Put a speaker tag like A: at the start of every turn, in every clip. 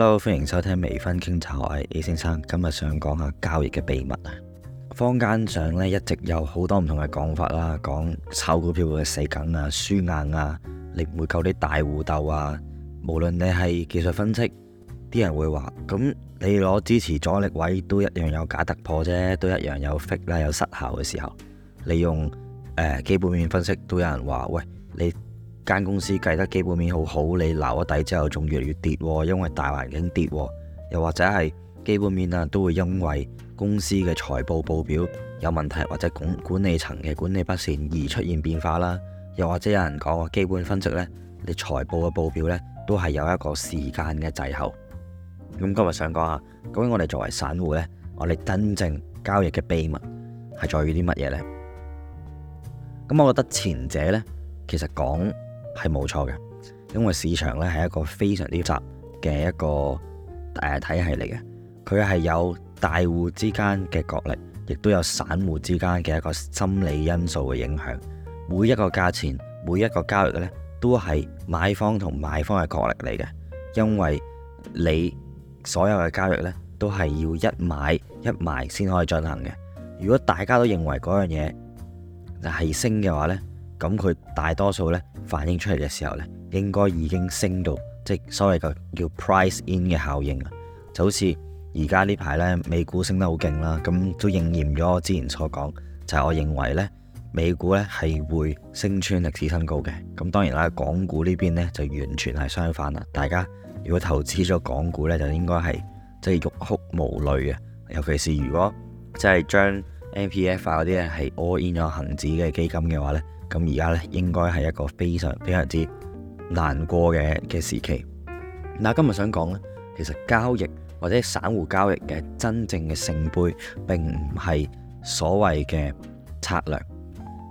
A: Hello，歡迎收聽微醺經濟學，我係 A 先生，今日想講下交易嘅秘密啊。坊間上咧一直有好多唔同嘅講法啦，講炒股票嘅死梗啊、輸硬啊，你唔會夠啲大戶鬥啊。無論你係技術分析，啲人會話，咁你攞支持阻力位都一樣有假突破啫，都一樣有 fail 啦，有失效嘅時候，你用、呃、基本面分析都有人話，喂你。間公司計得基本面好好，你留咗底之後仲越嚟越跌，因為大環境跌，又或者係基本面啊，都會因為公司嘅財報報表有問題，或者管管理層嘅管理不善而出現變化啦。又或者有人講話，基本分析呢，你財報嘅報表呢，都係有一個時間嘅滯後。咁今日想講下，究竟我哋作為散戶呢，我哋真正交易嘅秘密係在於啲乜嘢呢？咁我覺得前者呢，其實講。係冇錯嘅，因為市場咧，係一個非常之雜嘅一個誒體系嚟嘅。佢係有大戶之間嘅角力，亦都有散戶之間嘅一個心理因素嘅影響。每一個價錢，每一個交易呢都係買方同賣方嘅角力嚟嘅。因為你所有嘅交易呢都係要一買一賣先可以進行嘅。如果大家都認為嗰樣嘢係升嘅話呢，咁佢大多數呢。反映出嚟嘅時候咧，應該已經升到即係所謂嘅叫 price in 嘅效應啦。就好似而家呢排咧，美股升得好勁啦，咁都應驗咗我之前所講，就係、是、我認為咧，美股咧係會升穿歷史新高嘅。咁當然啦，港股呢邊呢就完全係相反啦。大家如果投資咗港股呢，就應該係即係欲哭無淚啊！尤其是如果即係將 M P F 啊嗰啲係 all in 咗恒指嘅基金嘅話呢。咁而家咧，應該係一個非常非常之難過嘅嘅時期。嗱，今日想講呢，其實交易或者散戶交易嘅真正嘅聖杯並唔係所謂嘅策略，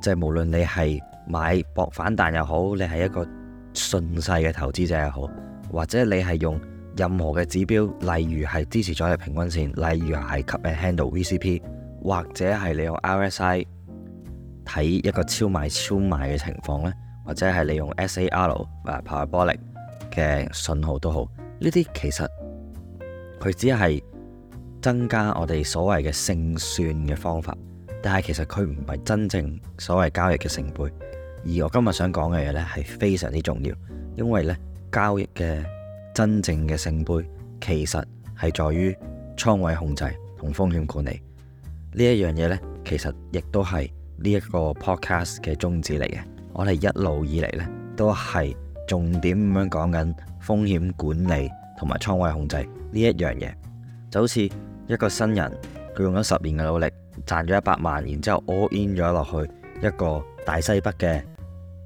A: 即係無論你係買博反彈又好，你係一個順勢嘅投資者又好，或者你係用任何嘅指標，例如係支持阻力平均線，例如係 cup and handle VCP，或者係你用 RSI。睇一個超賣超賣嘅情況咧，或者係你用 SAR 啊、Parabolic 嘅信號都好，呢啲其實佢只係增加我哋所謂嘅勝算嘅方法，但係其實佢唔係真正所謂交易嘅聖杯。而我今日想講嘅嘢呢，係非常之重要，因為咧，交易嘅真正嘅聖杯其實係在於倉位控制同風險管理呢一樣嘢呢，其實亦都係，呢一個 podcast 嘅宗旨嚟嘅，我哋一路以嚟呢都係重點咁樣講緊風險管理同埋倉位控制呢一樣嘢，就好似一個新人佢用咗十年嘅努力賺咗一百萬，然之後 all in 咗落去一個大西北嘅誒、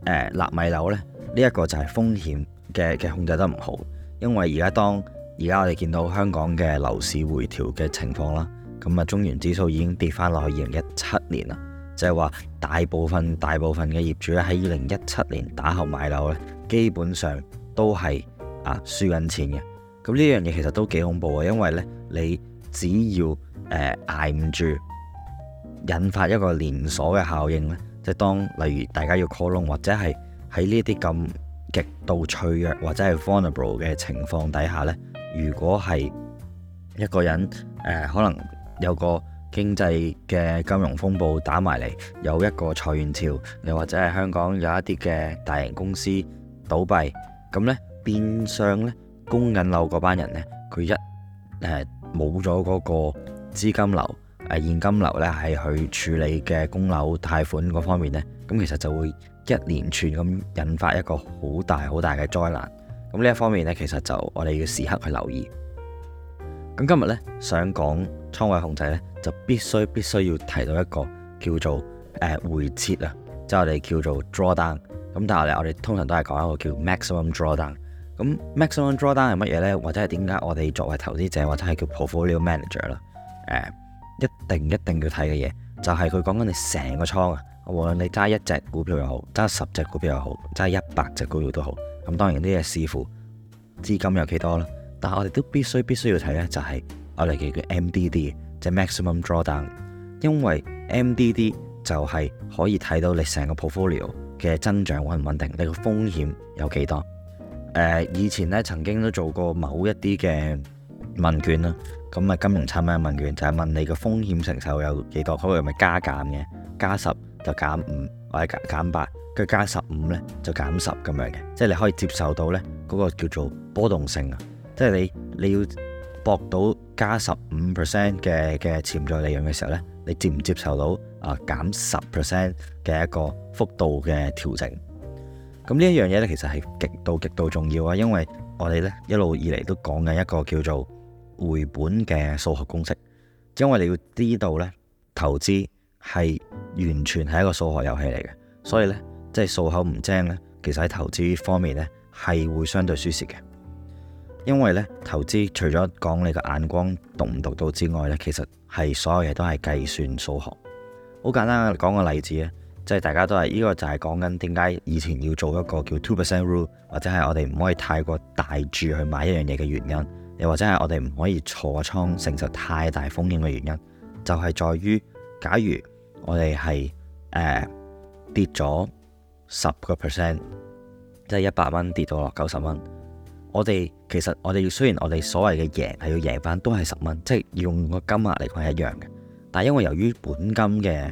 A: 呃、納米樓呢呢一個就係風險嘅嘅控制得唔好，因為而家當而家我哋見到香港嘅樓市回調嘅情況啦，咁啊中原指數已經跌翻落去二零一七年啦。就係話大部分大部分嘅業主咧，喺二零一七年打後買樓咧，基本上都係啊輸緊錢嘅。咁呢樣嘢其實都幾恐怖啊，因為咧你只要誒、呃、捱唔住，引發一個連鎖嘅效應咧，即係當例如大家要 call loan 或者係喺呢啲咁極度脆弱或者係 vulnerable 嘅情況底下咧，如果係一個人誒、呃、可能有個經濟嘅金融風暴打埋嚟，有一個裁員潮，又或者係香港有一啲嘅大型公司倒閉，咁呢變相呢供緊樓嗰班人呢，佢一誒冇咗嗰個資金流、誒、呃、現金流呢，係去處理嘅供樓貸款嗰方面呢，咁其實就會一連串咁引發一個好大好大嘅災難。咁呢一方面呢，其實就我哋要時刻去留意。咁今日呢，想講。倉位控制咧，就必須必須要提到一個叫做誒回撤啊，即係我哋叫做 drawdown。咁但係我哋我哋通常都係講一個叫 maximum drawdown。咁 maximum drawdown 係乜嘢咧？或者係點解我哋作為投資者或者係叫 portfolio manager 啦？誒，一定一定要睇嘅嘢就係佢講緊你成個倉啊，無論你揸一隻股票又好，揸十隻股票又好，揸一百隻股票都好。咁當然呢啲係視乎資金有幾多啦。但係我哋都必須必須要睇咧，就係、是。我哋嘅叫 MDD，即係 Maximum Drawdown。因為 MDD 就係可以睇到你成個 portfolio 嘅增長穩唔穩定，你個風險有幾多？誒，以前咧曾經都做過某一啲嘅問卷啦，咁啊金融產品嘅問卷就係問你個風險承受有幾多，佢會咪加減嘅，加十就減五，5, 或者減八，跟住加十五咧就減十咁樣嘅，即係你可以接受到咧嗰個叫做波動性啊，即係你你要。博到加十五 percent 嘅嘅潛在利潤嘅時候呢，你接唔接受到啊減十 percent 嘅一個幅度嘅調整？咁呢一樣嘢呢，其實係極度極度重要啊，因為我哋呢一路以嚟都講緊一個叫做回本嘅數學公式。因為你要知道呢，投資係完全係一個數學遊戲嚟嘅，所以呢，即係數口唔精呢，其實喺投資方面呢，係會相對輸蝕嘅。因為咧，投資除咗講你個眼光讀唔讀到之外咧，其實係所有嘢都係計算數學。好簡單嘅講個例子啊，即係大家都係呢個就係講緊點解以前要做一個叫 two percent rule，或者係我哋唔可以太過大注去買一樣嘢嘅原因，又或者係我哋唔可以坐倉承受太大風險嘅原因，就係在於假如我哋係誒跌咗十個 percent，即係一百蚊跌到落九十蚊。我哋其實我哋雖然我哋所謂嘅贏係要贏翻都係十蚊，即係用個金額嚟講係一樣嘅，但係因為由於本金嘅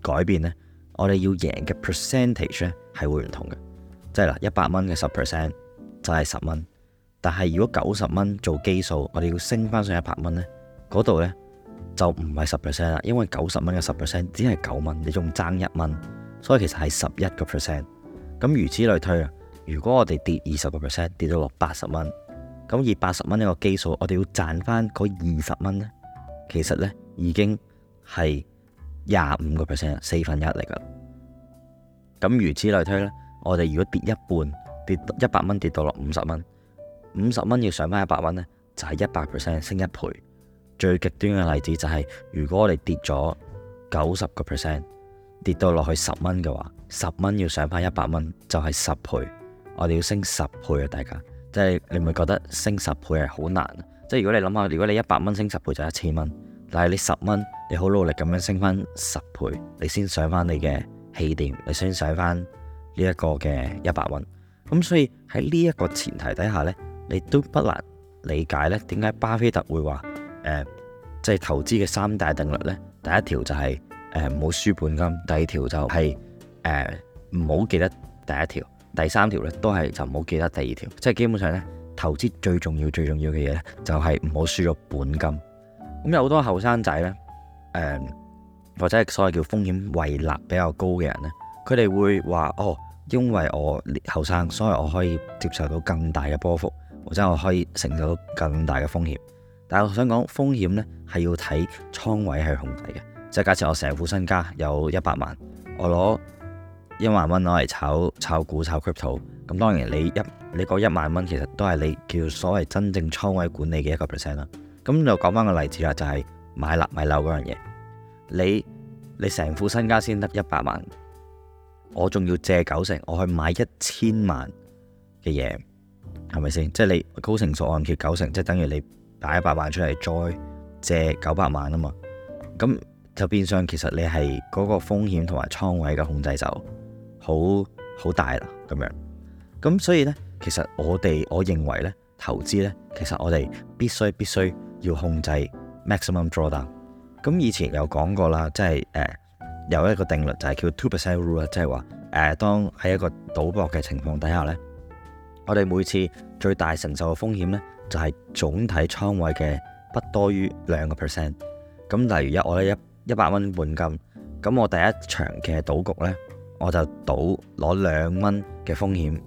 A: 改變呢，我哋要贏嘅 percentage 呢係會唔同嘅，即係啦一百蚊嘅十 percent 就係十蚊，但係如果九十蚊做基數，我哋要升翻上一百蚊呢嗰度呢，就唔係十 percent 啦，因為九十蚊嘅十 percent 只係九蚊，你仲爭一蚊，所以其實係十一個 percent，咁如此類推啊。如果我哋跌二十個 percent，跌到落八十蚊，咁以八十蚊一個基數，我哋要賺翻嗰二十蚊呢，其實呢，已經係廿五個 percent，四分一嚟噶。咁如此類推呢，我哋如果跌一半，跌一百蚊跌到落五十蚊，五十蚊要上翻一百蚊呢，就係一百 percent 升一倍。最極端嘅例子就係，如果我哋跌咗九十個 percent，跌到落去十蚊嘅話，十蚊要上翻一百蚊，就係十倍。我哋要升十倍啊！大家，即係你唔會覺得升十倍係好難，即係如果你諗下，如果你一百蚊升十倍就一千蚊，但係你十蚊，你好努力咁樣升翻十倍，你先上翻你嘅起點，你先上翻呢一個嘅一百蚊。咁所以喺呢一個前提底下呢，你都不難理解呢，點解巴菲特會話誒，即係投資嘅三大定律呢，第一條就係誒冇輸本金，第二條就係誒唔好記得第一條。第三條咧，都係就唔好記得第二條，即係基本上咧，投資最重要、最重要嘅嘢咧，就係唔好輸咗本金。咁有好多後生仔咧，誒、呃、或者係所謂叫風險為立比較高嘅人咧，佢哋會話哦，因為我後生，所以我可以接受到更大嘅波幅，或者我可以承受到更大嘅風險。但係我想講風險咧，係要睇倉位係控制嘅，即係假設我成副身家有一百萬，我攞一萬蚊攞嚟炒炒股、炒 crypto，咁當然你一你一萬蚊其實都係你叫所謂真正倉位管理嘅一個 percent 啦。咁就講翻個例子啦，就係買樓買樓嗰樣嘢，你你成副身家先得一百萬，我仲要借九成，我去買一千萬嘅嘢，係咪先？即係你高成數按揭九成，即係等於你打一百萬出嚟再借九百萬啊嘛。咁就變相其實你係嗰個風險同埋倉位嘅控制就。好好大啦，咁樣咁，所以呢，其實我哋我認為呢投資呢，其實我哋必須必須要控制 maximum drawdown。咁以前有講過啦，即係誒有一個定律就係叫 two percent rule，即係話誒當喺一個賭博嘅情況底下呢，我哋每次最大承受嘅風險呢，就係總體倉位嘅不多於兩個 percent。咁例如一我呢，一一百蚊本金，咁我第一場嘅賭局呢。我就賭攞兩蚊嘅風險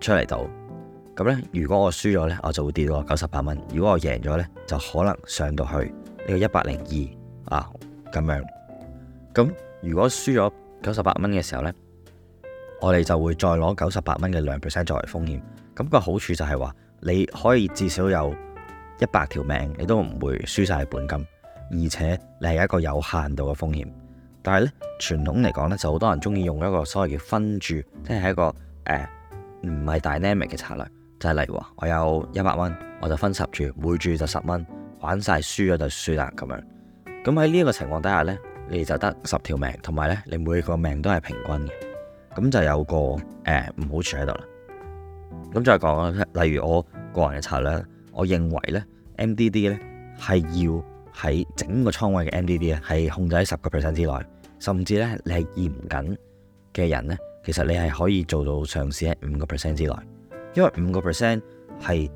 A: 出嚟賭，咁呢，如果我輸咗呢，我就會跌到九十八蚊；如果我贏咗呢，就可能上到去呢個一百零二啊咁樣。咁如果輸咗九十八蚊嘅時候呢，我哋就會再攞九十八蚊嘅兩 percent 作為風險。咁個好處就係話，你可以至少有一百條命，你都唔會輸晒本金，而且你係一個有限度嘅風險。但係咧，傳統嚟講咧，就好多人中意用一個所謂叫分注，即係一個誒唔係 dynamic 嘅策略。就係、話、例如我有一百蚊，我就分十注，每注就十蚊，玩晒輸咗就輸啦咁樣。咁喺呢一個情況底下咧，你就得十條命，同埋咧，你每個命都係平均嘅。咁就有個誒唔、呃、好處喺度啦。咁再講咧，例如我個人嘅策略，我認為咧，MDD 咧係要。喺整個倉位嘅 MDD 咧，係控制喺十個 percent 之內，甚至咧你係嚴謹嘅人咧，其實你係可以做到嘗試喺五個 percent 之內，因為五個 percent 係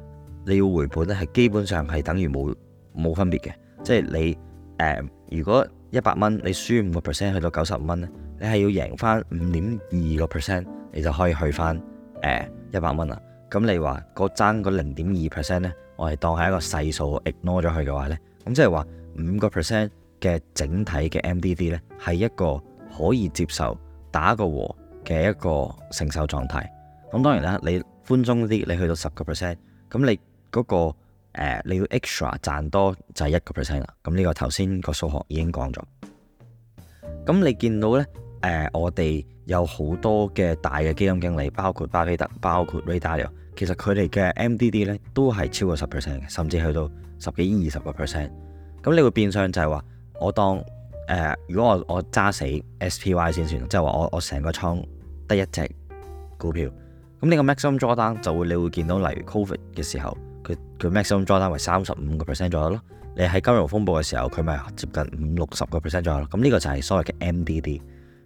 A: 你要回本咧，係基本上係等於冇冇分別嘅，即係你誒、呃、如果一百蚊你輸五個 percent 去到九十五蚊咧，你係要贏翻五點二個 percent，你就可以去翻誒一百蚊啦。咁、呃、你話嗰爭嗰零點二 percent 咧，我係當係一個細數 ignore 咗佢嘅話咧。咁即係話五個 percent 嘅整體嘅 MDD 呢，係一個可以接受打個和嘅一個承受狀態。咁當然啦，你寬鬆啲，你去到十個 percent，咁你嗰個誒你要 extra 賺多就係一個 percent 啦。咁呢個頭先個數學已經講咗。咁你見到呢，誒、呃、我哋有好多嘅大嘅基金經理，包括巴菲特，包括 Ray Dalio。其實佢哋嘅 MDD 咧都係超過十 percent 嘅，甚至去到十幾20、二十個 percent。咁你會變相就係話，我當誒、呃，如果我我揸死 SPY 先算，即係話我我成個倉得一隻股票，咁呢個 maximum drawdown 就會你會見到，例如 COVID 嘅時候，佢佢 maximum drawdown 為三十五個 percent 左右咯。你喺金融風暴嘅時候，佢咪接近五六十個 percent 左右咯。咁呢個就係所謂嘅 MDD。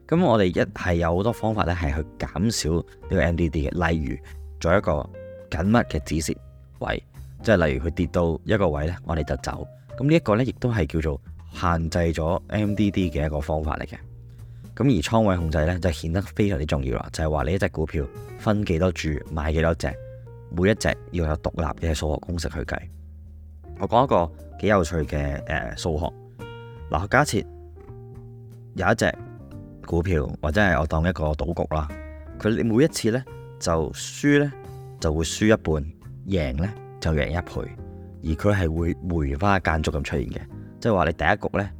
A: 咁我哋一係有好多方法咧，係去減少呢個 MDD 嘅，例如做一個，緊密嘅止蝕位，即係例如佢跌到一個位呢，我哋就走。咁呢一個呢，亦都係叫做限制咗 MDD 嘅一個方法嚟嘅。咁而倉位控制呢，就顯得非常之重要啦。就係話你一隻股票分幾多注買幾多隻，每一隻要有獨立嘅數學公式去計。我講一個幾有趣嘅誒、呃、數學嗱，假設有一隻股票或者係我當一個賭局啦，佢每一次呢就輸呢，就會輸一半，贏呢就贏一倍，而佢係會梅花間竹咁出現嘅，即係話你第一局呢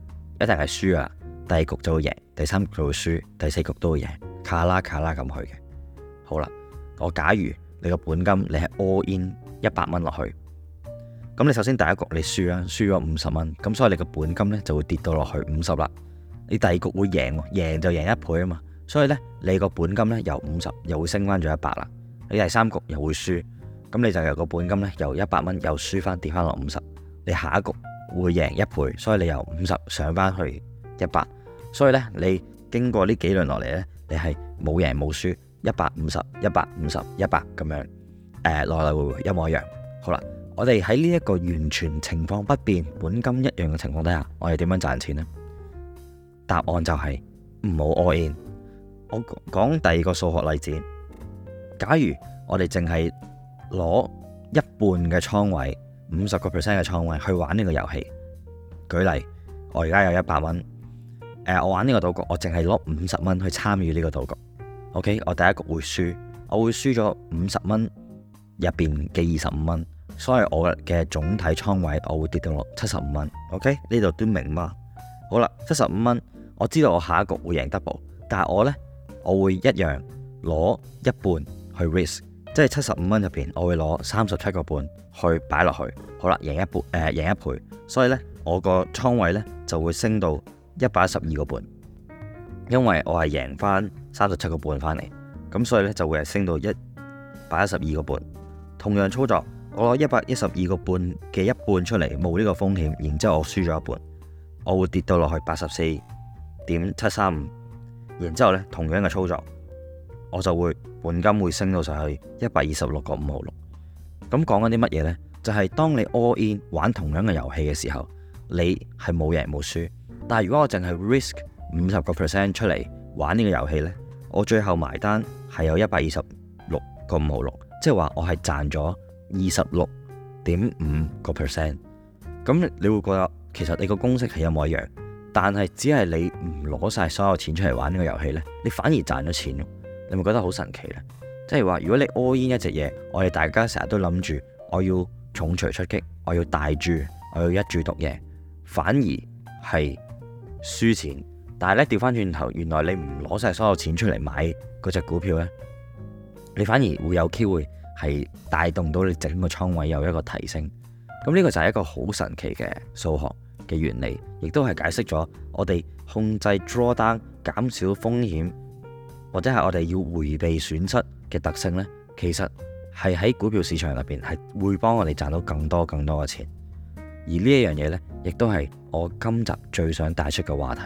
A: 一定係輸啊，第二局就會贏，第三局就會輸，第四局都會贏，卡啦卡啦咁去嘅。好啦，我假如你個本金你係 all in 一百蚊落去，咁你首先第一局你輸啊，輸咗五十蚊，咁所以你個本金呢就會跌到落去五十啦。你第二局會贏，贏就贏一倍啊嘛，所以呢，你個本金呢由五十又會升翻咗一百啦。你第三局又會輸，咁你就由個本金呢，由一百蚊又輸翻跌翻落五十，你下一局會贏一倍，所以你由五十上翻去一百，所以呢，你經過呢幾輪落嚟呢，你係冇贏冇輸一百五十一百五十一百咁樣，誒來來回回一模一樣。好啦，我哋喺呢一個完全情況不變、本金一樣嘅情況底下，我哋點樣賺錢呢？答案就係唔好 all in。我講第二個數學例子。假如我哋淨係攞一半嘅倉位，五十個 percent 嘅倉位去玩呢個遊戲。舉例，我而家有一百蚊，誒、呃，我玩呢個賭局，我淨係攞五十蚊去參與呢個賭局。OK，我第一局會輸，我會輸咗五十蚊入邊嘅二十五蚊，所以我嘅總體倉位我會跌到落七十五蚊。OK，呢度都明嘛？好啦，七十五蚊，我知道我下一局會贏 double，但係我呢，我會一樣攞一半，去 risk，即係七十五蚊入邊，我會攞三十七個半去擺落去，好啦，贏一倍，誒、呃，贏一倍，所以呢，我個倉位呢就會升到一百一十二個半，因為我係贏翻三十七個半翻嚟，咁所以呢，就會係升到一百一十二個半。同樣操作，我攞一百一十二個半嘅一半出嚟，冇呢個風險，然之後我輸咗一半，我會跌到落去八十四點七三五，然之後呢，同樣嘅操作。我就會本金會升到上去一百二十六個五毫六。咁講緊啲乜嘢呢？就係、是、當你 all in 玩同樣嘅遊戲嘅時候，你係冇贏冇輸。但係如果我淨係 risk 五十個 percent 出嚟玩呢個遊戲呢，我最後埋單係有一百二十六個五毫六，即係話我係賺咗二十六點五個 percent。咁你會覺得其實你個公式係一模一樣，但係只係你唔攞晒所有錢出嚟玩呢個遊戲呢，你反而賺咗錢了。你咪覺得好神奇呢？即係話，就是、如果你 all in 一隻嘢，我哋大家成日都諗住，我要重錘出擊，我要大注，我要一注獨贏，反而係輸錢。但係呢，調翻轉頭，原來你唔攞晒所有錢出嚟買嗰隻股票呢，你反而會有機會係帶動到你整個倉位有一個提升。咁呢個就係一個好神奇嘅數學嘅原理，亦都係解釋咗我哋控制 drawdown 減少風險。或者係我哋要回避損失嘅特性呢，其實係喺股票市場入邊係會幫我哋賺到更多更多嘅錢。而呢一樣嘢呢，亦都係我今集最想帶出嘅話題，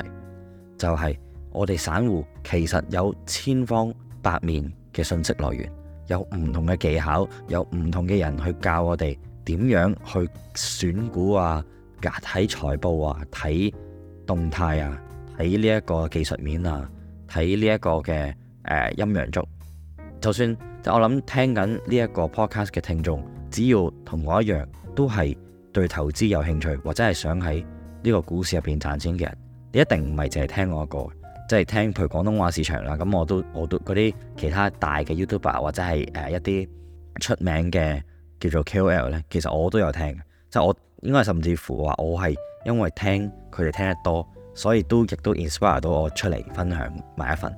A: 就係我哋散戶其實有千方百面嘅信息來源，有唔同嘅技巧，有唔同嘅人去教我哋點樣去選股啊，睇財報啊，睇動態啊，睇呢一個技術面啊。喺呢一個嘅誒陰陽燭，就算即係我諗聽緊呢一個 podcast 嘅聽眾，只要同我一樣，都係對投資有興趣或者係想喺呢個股市入邊賺錢嘅人，你一定唔係淨係聽我一個，即係聽譬如廣東話市場啦，咁我都我都嗰啲其他大嘅 YouTuber 或者係誒一啲出名嘅叫做 KOL 呢，其實我都有聽，即係我應該係甚至乎話我係因為聽佢哋聽得多，所以都亦都 inspire 到我出嚟分享埋一份。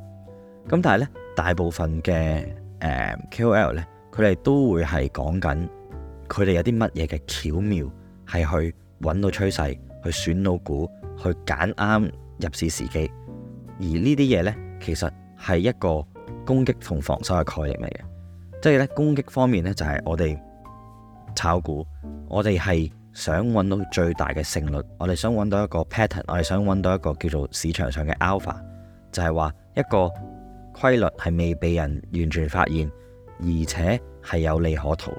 A: 咁但係咧，大部分嘅誒 KOL 咧，佢哋都會係講緊佢哋有啲乜嘢嘅巧妙係去揾到趨勢，去選到股，去揀啱入市時機。而這些呢啲嘢咧，其實係一個攻擊同防守嘅概念嚟嘅，即係咧攻擊方面咧就係、是、我哋炒股，我哋係。想揾到最大嘅勝率，我哋想揾到一個 pattern，我哋想揾到一個叫做市場上嘅 alpha，就係話一個規律係未被人完全發現，而且係有利可圖，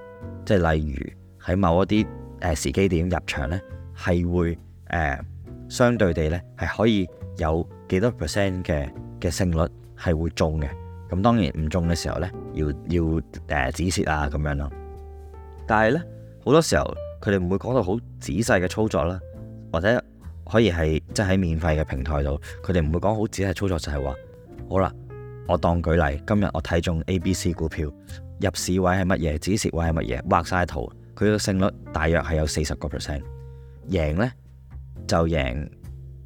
A: 即係例如喺某一啲誒時機點入場呢，係會誒相對地呢，係可以有幾多 percent 嘅嘅勝率係會中嘅，咁當然唔中嘅時候呢，要要誒、呃、止蝕啊咁樣咯，但係呢，好多時候。佢哋唔會講到好仔細嘅操作啦，或者可以係即係喺免費嘅平台度，佢哋唔會講好仔細操作就係、是、話好啦，我當舉例，今日我睇中 A、B、C 股票入市位係乜嘢，止蝕位係乜嘢，畫晒圖，佢嘅勝率大約係有四十個 percent 贏呢就贏誒、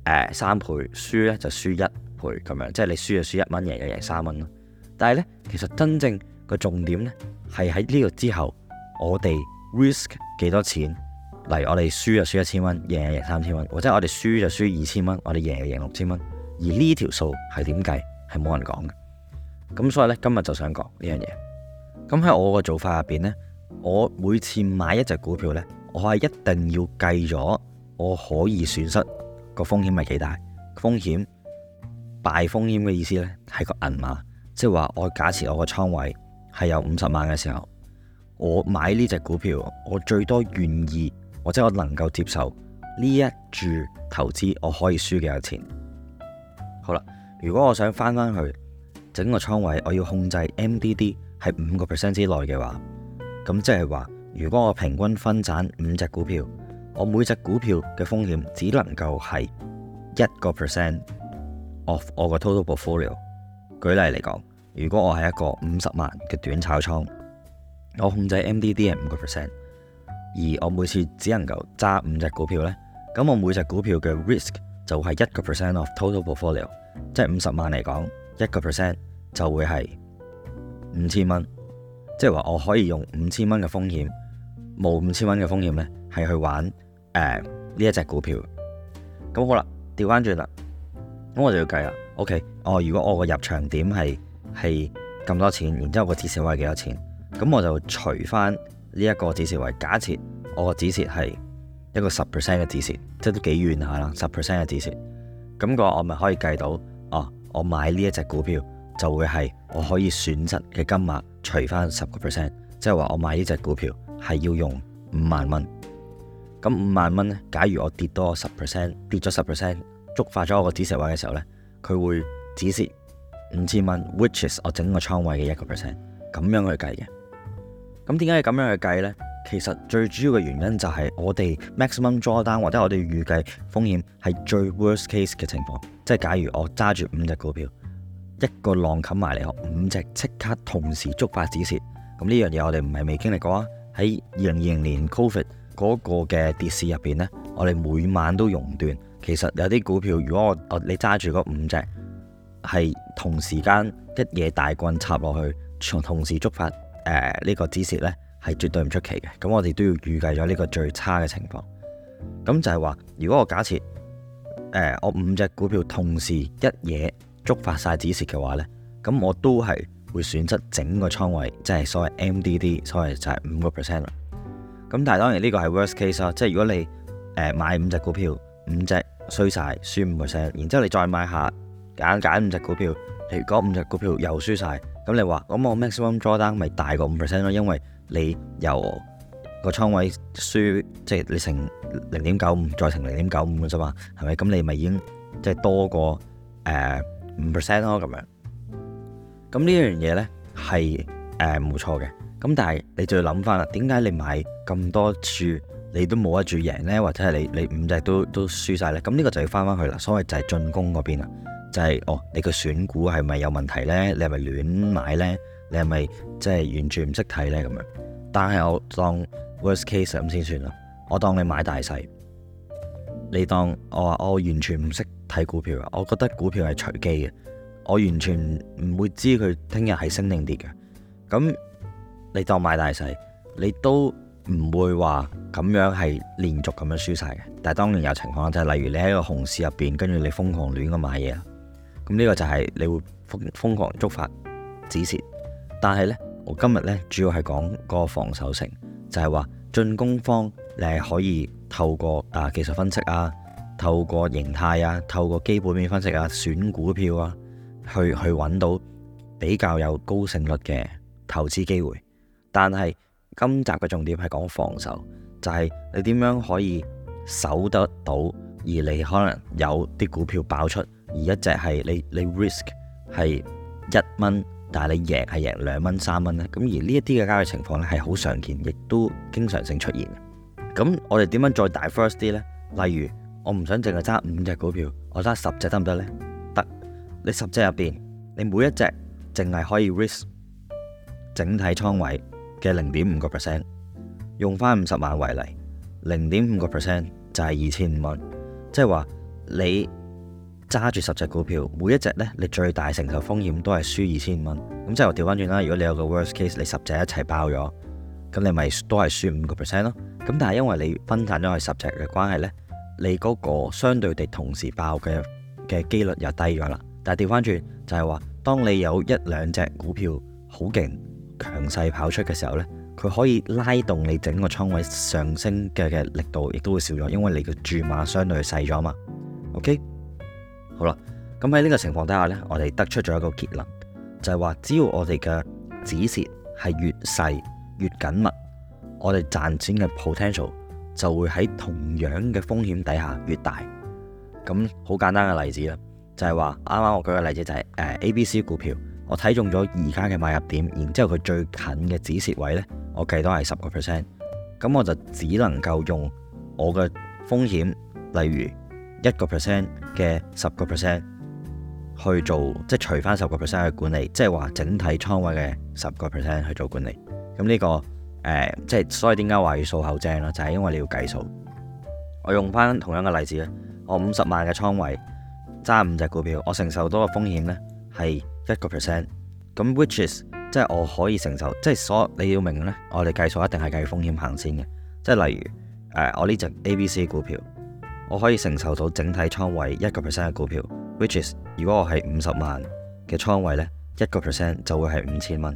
A: 呃、三倍，輸呢就輸一倍咁樣，即係你輸就輸一蚊，贏就贏三蚊咯。但係呢，其實真正個重點呢係喺呢個之後，我哋 risk。幾多錢？例如我哋輸就輸一千蚊，贏就贏三千蚊，或者我哋輸就輸二千蚊，我哋贏就贏六千蚊。而呢條數係點計？係冇人講嘅。咁所以咧，今日就想講呢樣嘢。咁喺我個做法入邊呢，我每次買一隻股票呢，我係一定要計咗我可以損失個風險係幾大，風險敗風險嘅意思呢，係個銀碼，即係話我假設我個倉位係有五十萬嘅時候。我買呢隻股票，我最多願意，或者我能夠接受呢一注投資，我可以輸幾多錢？好啦，如果我想返返去整個倉位，我要控制 MDD 係五個 percent 之內嘅話，咁即係話，如果我平均分散五隻股票，我每隻股票嘅風險只能夠係一個 percent of 我個 total portfolio。舉例嚟講，如果我係一個五十萬嘅短炒倉。我控制 MDD 係五個 percent，而我每次只能夠揸五隻股票咧，咁我每隻股票嘅 risk 就係一個 percent of total portfolio，即係五十萬嚟講一個 percent 就會係五千蚊，即係話我可以用五千蚊嘅風險冒五千蚊嘅風險咧，係去玩誒呢、呃、一隻股票。咁好啦，調翻轉啦，咁我就要計啦。OK，哦，如果我個入場點係係咁多錢，然之後個止蝕位係幾多錢？咁我就除翻呢一個止蝕位，假設我個止蝕係一個十 percent 嘅止蝕，即係都幾遠下啦，十 percent 嘅止蝕。咁個我咪可以計到，啊、哦，我買呢一隻股票就會係我可以損失嘅金額除翻十個 percent，即係話我買呢隻股票係要用五萬蚊。咁五萬蚊咧，假如我跌多十 percent，跌咗十 percent 觸發咗我個止蝕位嘅時候咧，佢會止蝕五千蚊，which is 我整個倉位嘅一個 percent，咁樣去計嘅。咁點解係咁樣去計呢？其實最主要嘅原因就係我哋 maximum drawdown 或者我哋預計風險係最 worst case 嘅情況，即係假如我揸住五隻股票，一個浪冚埋嚟，五隻即刻同時觸發止蝕。咁呢樣嘢我哋唔係未經歷過啊！喺二零二零年 Covid 嗰個嘅跌市入邊呢，我哋每晚都熔斷。其實有啲股票，如果我你揸住嗰五隻係同時間一夜大棍插落去，同時觸發。誒，呃這個，指呢個止蝕呢係絕對唔出奇嘅，咁我哋都要預計咗呢個最差嘅情況，咁就係話，如果我假設，誒、呃，我五隻股票同時一嘢觸發晒止蝕嘅話呢，咁我都係會選擇整個倉位，即係所謂 MDD，所謂就係五個 percent 咯。咁但係當然呢個係 worst case 咯，即係如果你誒、呃、買五隻股票，五隻衰晒，輸五個 percent，然之後你再買下揀揀五隻股票，如果五隻股票又輸晒。咁你話咁我 maximum drawdown 咪大過五 percent 咯？因為你由個倉位輸，即係你乘零點九五再乘零點九五嘅啫嘛，係咪？咁你咪已經即係多過誒五 percent 咯？咁樣，咁呢樣嘢咧係誒冇錯嘅。咁、呃、但係你就要諗翻啦，點解你買咁多注你都冇一注贏咧？或者係你你五隻都都輸晒咧？咁呢個就要翻翻去啦。所謂就係進攻嗰邊啊。就係哦，你個選股係咪有問題呢？你係咪亂買呢？你係咪即係完全唔識睇呢？咁樣，但係我當 worst case 咁先算啦。我當你買大細，你當我話我完全唔識睇股票啊！我覺得股票係隨機嘅，我完全唔會知佢聽日係升定跌嘅。咁你當買大細，你都唔會話咁樣係連續咁樣輸晒嘅。但係當然有情況，就係例如你喺個熊市入邊，跟住你瘋狂亂咁買嘢。咁呢個就係你會瘋瘋狂觸發止蝕，但係呢，我今日呢主要係講個防守性，就係話進攻方你可以透過啊技術分析啊，透過形態啊，透過基本面分析啊，選股票啊，去去揾到比較有高勝率嘅投資機會。但係今集嘅重點係講防守，就係你點樣可以守得到，而你可能有啲股票爆出。而一隻係你你 risk 係一蚊，但係你贏係贏兩蚊三蚊咧。咁而呢一啲嘅交易情況咧係好常見，亦都經常性出現。咁我哋點樣再 diversify 啲呢？例如我唔想淨係揸五隻股票，我揸十隻得唔得呢？得，你十隻入邊，你每一隻淨係可以 risk 整體倉位嘅零點五個 percent。用翻五十萬為例，零點五個 percent 就係二千五蚊。即係話你。揸住十隻股票，每一隻呢，你最大承受風險都係輸二千蚊。咁即係調翻轉啦。如果你有個 worst case，你十隻一齊爆咗，咁你咪都係輸五個 percent 咯。咁但係因為你分散咗係十隻嘅關係呢，你嗰個相對地同時爆嘅嘅機率又低咗啦。但係調翻轉就係話，當你有一兩隻股票好勁強勢跑出嘅時候呢，佢可以拉動你整個倉位上升嘅嘅力度，亦都會少咗，因為你嘅注碼相對細咗嘛。OK。好啦，咁喺呢個情況底下呢，我哋得出咗一個結論，就係話只要我哋嘅止蝕係越細越緊密，我哋賺錢嘅 potential 就會喺同樣嘅風險底下越大。咁好簡單嘅例子啦，就係話啱啱我舉嘅例子就係 ABC 股票，我睇中咗而家嘅買入點，然之後佢最近嘅止蝕位呢，我計到係十個 percent，咁我就只能夠用我嘅風險，例如。一個 percent 嘅十個 percent 去做，即係除翻十個 percent 嘅管理，即係話整體倉位嘅十個 percent 去做管理。咁呢、這個誒、呃，即係所以點解話要數口正咧？就係、是、因為你要計數。我用翻同樣嘅例子咧，我五十萬嘅倉位揸五隻股票，我承受到嘅風險咧係一個 percent。咁 which is 即係我可以承受，即係所你要明嘅咧，我哋計數一定係計風險行先嘅。即係例如誒、呃，我呢隻 A、B、C 股票。我可以承受到整體倉位一個 percent 嘅股票，which is 如果我係五十萬嘅倉位呢，一個 percent 就會係五千蚊。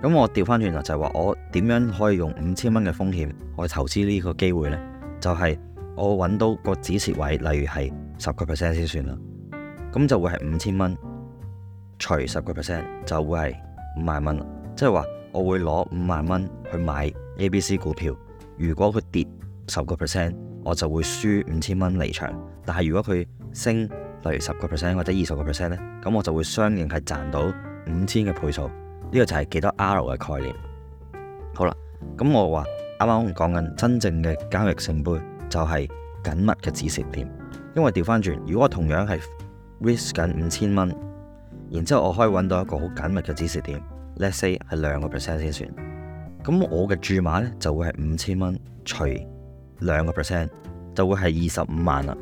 A: 咁我調翻轉頭就係話我點樣可以用五千蚊嘅風險去投資呢個機會呢？就係我揾到個止蝕位，例如係十個 percent 先算啦。咁就會係五千蚊除十個 percent 就會係五萬蚊。即係話我會攞五萬蚊去買 A、B、C 股票，如果佢跌十個 percent。我就會輸五千蚊離場，但係如果佢升，例如十個 percent 或者二十個 percent 咧，咁我就會相應係賺到五千嘅倍數，呢個就係幾多 R 嘅概念。好啦，咁我話啱啱講緊真正嘅交易聖杯就係緊密嘅止蝕點，因為調翻轉，如果我同樣係 risk 緊五千蚊，然之後我可以揾到一個好緊密嘅止蝕點，let's say 係兩個 percent 先算，咁我嘅注碼呢，就會係五千蚊除。兩個 percent 就會係二十五萬啦。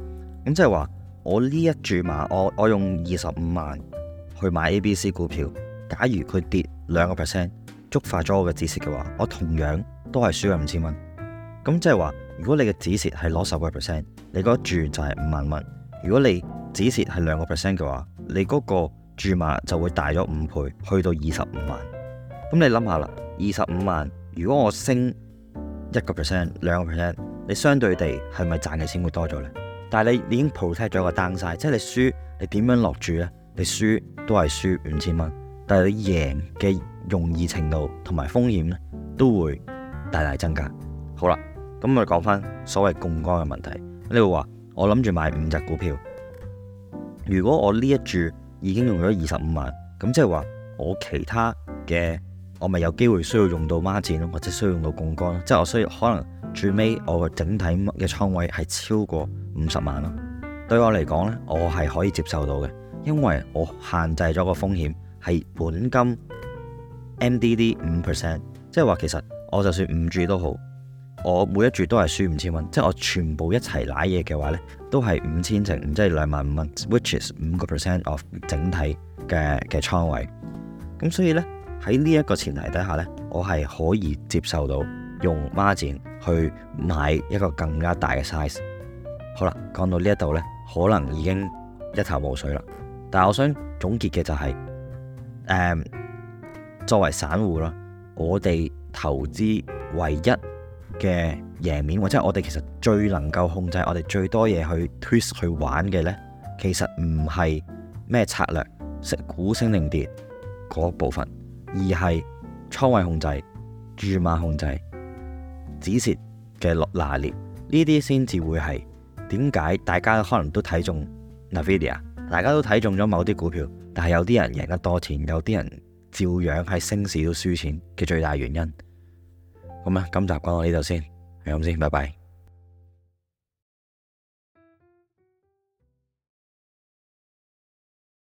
A: 咁即係話，我呢一注碼，我我用二十五萬去買 A、B、C 股票。假如佢跌兩個 percent，觸發咗我嘅止蝕嘅話，我同樣都係輸咗五千蚊。咁即係話，如果你嘅止蝕係攞十個 percent，你嗰一注就係五萬蚊。如果你止蝕係兩個 percent 嘅話，你嗰個注碼就會大咗五倍，去到二十五萬。咁你諗下啦，二十五萬如果我升一個 percent、兩個 percent。你相對地係咪賺嘅錢會多咗呢？但係你已經保護咗個 downside，即係你輸，你點樣落注呢？你輸都係輸五千蚊，但係你贏嘅容易程度同埋風險呢，都會大大增加。好啦，咁我哋講翻所謂槓杆嘅問題。你會話我諗住買五隻股票，如果我呢一注已經用咗二十五萬，咁即係話我其他嘅我咪有機會需要用到孖展咯，或者需要用到槓杆咯，即係我需要可能。最尾我個整體嘅倉位係超過五十萬咯，對我嚟講呢我係可以接受到嘅，因為我限制咗個風險係本金 MDD 五 percent，即係話其實我就算五注都好，我每一注都係輸五千蚊，即係我全部一齊瀨嘢嘅話呢都係五千乘五，即係兩萬五蚊，which is 五個 percent of 整體嘅嘅倉位。咁所以呢，喺呢一個前提底下呢我係可以接受到。用孖展去買一個更加大嘅 size 好。好啦，講到呢一度呢，可能已經一頭霧水啦。但係我想總結嘅就係，是嗯，作為散戶啦，我哋投資唯一嘅贏面，或者我哋其實最能夠控制我哋最多嘢去 twist 去玩嘅呢，其實唔係咩策略食股升零跌嗰部分，而係倉位控制、注碼控制。止蝕嘅落拿捏呢啲先至會係點解，大家可能都睇中 Nvidia，a 大家都睇中咗某啲股票，但係有啲人贏得多錢，有啲人照樣喺升市都輸錢嘅最大原因。咁啊，今集講到呢度先，係咁先，拜拜。